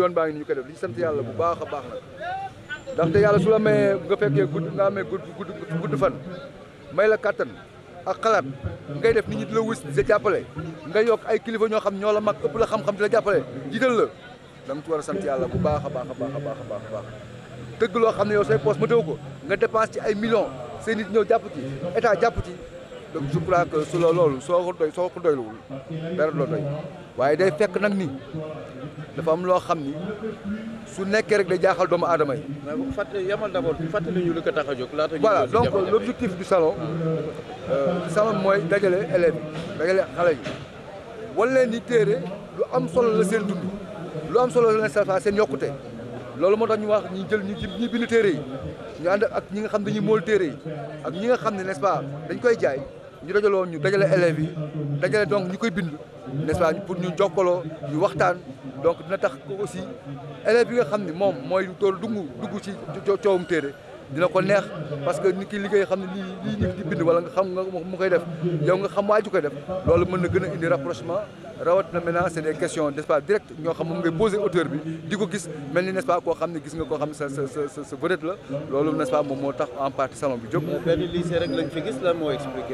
yoon baa ngi ni ñu koy def li sant yàlla bu baax a baax nag ndaxte yàlla su la mayee nga fekkee gudd nga amee gudd gudd gudd fan may la kàttan ak xalaat ngay def nit ñu di la wis di la jàppale nga yokk ay kilifa ñoo xam ñoo la mag ëpp la xam-xam di la jàppale jiital la da nga war a sant yàlla bu baax a baax a baax a baax a baax tëgg loo xam ne yoo say poos ma déw ko nga dépense ci ay millions seen nit ñëw jàpp ci état jàpp ci donc je crois loolu soo ko doy soo ko doyluwul dara day fekk nag ni dafa am loo xam ni su nekkee rek day jaaxal doomu aadama yi. waaw fàttali yamal d'abord fàttali ñu lu ko tax a jóg laata voilà donc l'objectif du salon euh, du salon mooy dajale élèves yi dajale xale yi wan leen ni téere lu am solo la seen dund lu am solo la seen yokkute loolu moo tax ñu wax ñu jël ñu ñi bind téere yi ñu ànd ak ñi nga xam dañuy mool téere yi ak ñi nga xam ne n'est-ce pas dañ koy jaay. ñu dajaloo ñu dajale élèves yi dajale donc ñu koy bind n'est-ce pas pour ñu jokkaloo ñu waxtaan donc dina tax aussi élèves yi nga xam ne moom mooy tool dugg dugg ci coowum téere dina ko neex parce que nit ki liggéey xam ne lii lii ñu di bind wala nga xam nga mu koy def yow nga xam waa ji koy def loolu mën na gën a indi rapprochement rawat na maintenant c'est des questions nest direct ñoo xam moom ngay auteur bi di ko gis mel ni n'est-ce xam ne gis nga koo xam sa sa sa la loolu nest moom moo tax en partie salon bi jóg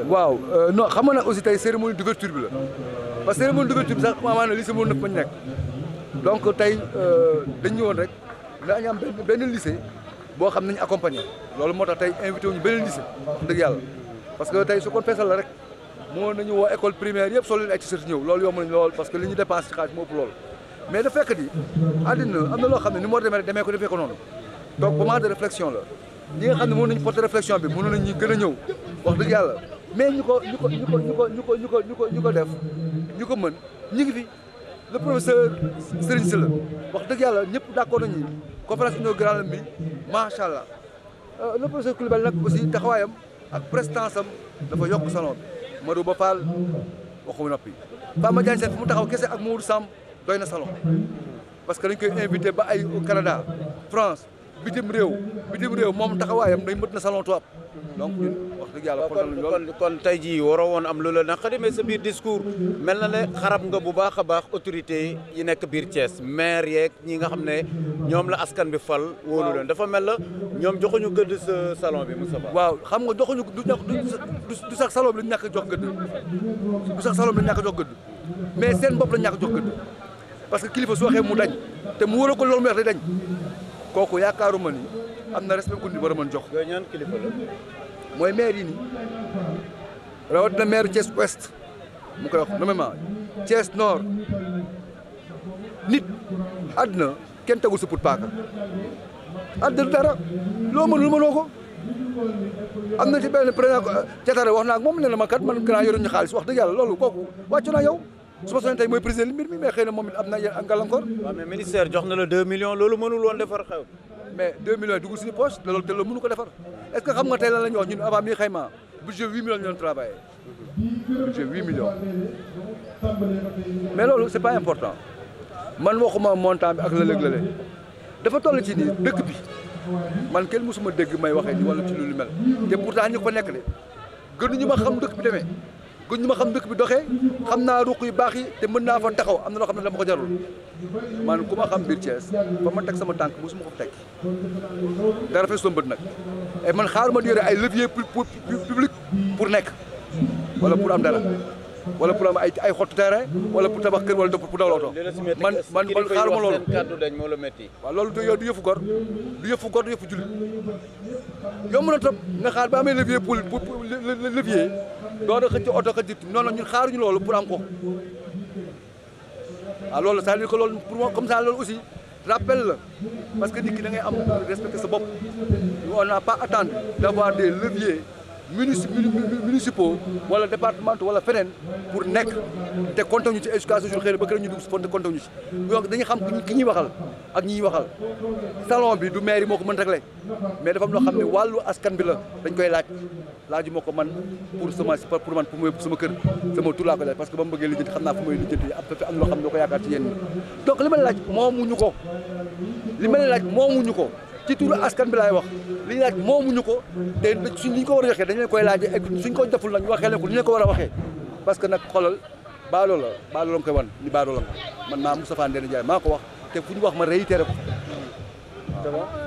waaw euh, non xam nga aussi tey cérémonie d'ouverture bi la parce que cérémonie d'ouverture bi sax maanaam lycée moom nag mañ nekk donc tey euh, dañ ñëwoon rek daañu am benn benn boo xam nañu accompagné loolu moo tax tey invité wuñu benn lycée dëgg yàlla parce que tey su ko moo nañu woo école primaire yëpp soo leen ay t-shirt ñëw loolu yomb nañ lool parce que li ñu dépense ci xaalis ëpp loolu mais da fekk di àddina am na ne ni moo demee rek demee ko defee ko noonu donc moment de réflexion la ñi nga xam ne mën nañu porter réflexion bi mënoon nañu gën a ñëw wax dëgg yàlla mais ñu ko ñu ko ñu ko ñu ko ñu ko ñu ko ñu ko ñu ko def ñu ko mën ñu ngi fi le professeur Serigne Sylla wax dëgg yàlla ñëpp d'accord nañu conférence inaugurale bi macha allah euh, le professeur Coulibaly nag aussi taxawaayam ak prestance am dafa yokk salon bi Madou Ba Fall waxu noppi Fama Diagne Sène fu mu taxaw kese ak Mourou Samb doy na salon parce que dañ koy invité ba ay Canada France bitim réew bitim réew moom taxawaayam day mët na salon tubaab donc ñun wax dëgg yàlla kon kon kon tey jii waroo woon am lu la naqari mais sa biir discours mel na ne xarab nga bu baax a baax autorité yi nekk biir Thiès maire yeeg ñi nga xam ne ñoom la askan bi fal wóolu leen dafa mel na ñoom joxuñu gëdd sa salon bi Moustapha waaw xam nga joxuñu du du sax salon bi lañ ñàkk jox gëdd du sax salon bi lañ ñàkk jox gëdd mais seen bopp la ñàkk jox gëdd parce que kilifa su waxee mu dañ te mu ko loolu mu wax day kooku yaakaaruma ni am na respect ku ñu war jox. yooyu ñaan kilifa mooy maire yi nii rawatina maire Thiès ouest mu koy wax nommément Thiès nord nit àddina kenn tegul sa put paaka àddina dara loo mënul mënoo ko. am na ci naa président Diattara euh, wax naa ak moom ne ma kat man grand yoruñu xaalis wax dëgg yàlla loolu kooku wàccu naa yow. su ma soxlee tey mooy président mbir mi mais xëy na moom it am na yenn gàllankoor. waaw mais ministère jox na la 2 millions loolu mënul woon defar xew. mais 2 millions dugul suñu poche loolu te loolu mënu defar est ce que xam nga tey la ñu wax ñun avant mi xayma budget 8 millions ñu doon travaillé. budget 8 millions. mais loolu pas important man waxuma montant bi ak la lëg dafa toll ci nii dëkk bi man kenn mësuma dégg may waxee ni wala ci lu lu mel te pourtant ñu ko nekk de gënuñu ma xam dëkk bi demee. gën ñu ma xam dëkk bi doxee xam naa ruq yu baax yi te mën naa fa taxaw am na loo xam ne dama ko jarul man ku ma xam biir Thiès ba ma teg sama tànk mosuma ko teg dara fee sombët nag et man xaaruma di yore ay levier public pour nekk wala pour am dara wala pour am ay ay xottu terrain wala pour tabax kër wala pour dawal oto man man man xaaruma loolu waaw loolu du yow du yëfu gor du yëfu gor du yëfu jullit yomb na topp nga xaar ba amee levier pour levier door a xëcc oto xëcc noonu la ñun xaaruñu loolu pour am ko waaw ah, loolu c'est-à-dire loolu pour moi comme ça loolu aussi rappel la parce que nit ki da ngay am respecter sa bopp on n'a pas attendu d'avoir des leviers munici municipaux wala départementaux wala feneen pour nekk te compté ñu ci éducation jour xëy na ñu dugg si fonte compté ñu donc dañuy xam ki ñuy waxal ak ñi waxal salon bi du maire yi moo ko mën réglé mais dafa am loo xam ne wàllu askan bi la dañ koy laaj laaju moo ko man pour sama pour man pour sama kër sama tur laa koy laaj parce que ba mu bëggee lijjanti xam naa fu may lijjanti ab am loo xam ne doo ko yaakaar donc li ma laaj moomuñu ko li ma laaj moomuñu ko ci turu askan bi laay wax li ñu laaj moomuñu ko te suñ ko war a joxee dañ leen koy laaj ak suñ ko deful nag ñu waxee leen ko li ñu ko war a waxee parce que nag xoolal baadoo la baadoo la nga koy wan ni baadoo la nga man maa Moustapha jaay maa ko wax te fu ñu wax ma réitéré ko waaw ah.